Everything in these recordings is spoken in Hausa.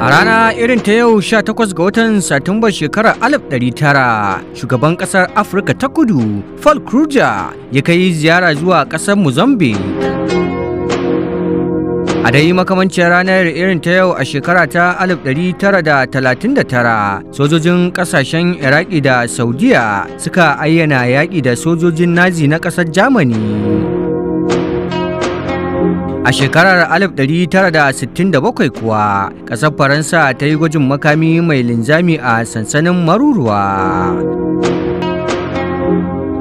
A rana irin ta yau 18 ga watan Satumbar shekarar 1900, shugaban kasar Afirka ta kudu, Paul ya kai ziyara zuwa kasar Mozambique. A dai makamancin ranar irin ta yau a shekara ta tara da talatin 1939, sojojin kasashen Iraki da Saudiya suka ayyana yaƙi da sojojin Nazi na ƙasar Germany. A shekarar 1967 kuwa, ƙasar Faransa ta yi gwajin makami mai linzami a sansanin maruruwa.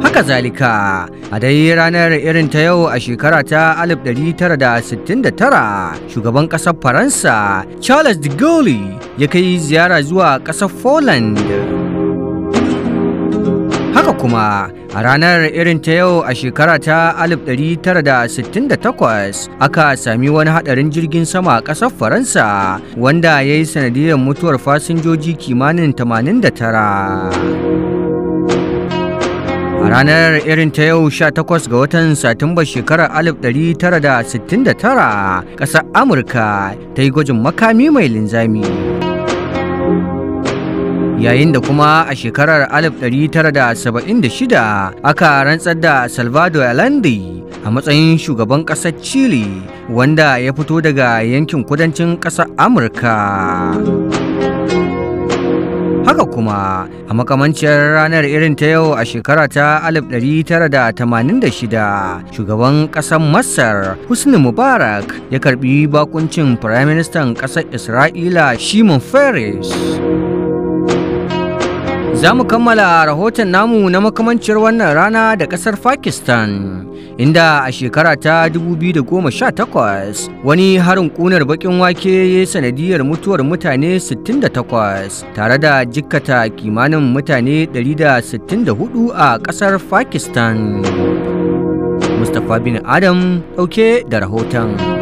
Haka zalika, a dai ranar irin ta yau a shekara ta 1969, shugaban ƙasar Faransa, Charles de Gaulle, ya kai ziyara zuwa ƙasar Poland. Haka kuma a ranar irin ta yau a shekara ta 1968 aka sami wani hadarin jirgin sama a ƙasar Faransa wanda ya yi sanadiyar mutuwar fasinjoji kimanin 89. ranar irin ta yau 18 ga watan Satumba shekarar 1969 ƙasar Amurka ta yi gwajin makami mai linzami. yayin da kuma a shekarar 1976 aka rantsar da salvador allende a matsayin shugaban ƙasar chile wanda ya fito daga yankin kudancin ƙasar amurka Haka kuma a makamanciyar ranar irin ta yau a shekara ta 1986 shugaban ƙasar Masar Husni Mubarak ya karbi bakuncin Firaministan ƙasar Isra'ila Shimon Peres. Za mu kammala rahoton namu na makamancin wannan rana da ƙasar Pakistan, inda a shekara ta 2018 wani harin ƙunar baƙin wake ya sanadiyar mutuwar mutane 68 tare da jikkata kimanin mutane 164 a ƙasar Pakistan. Mustapha bin Adam ɗauke da rahoton.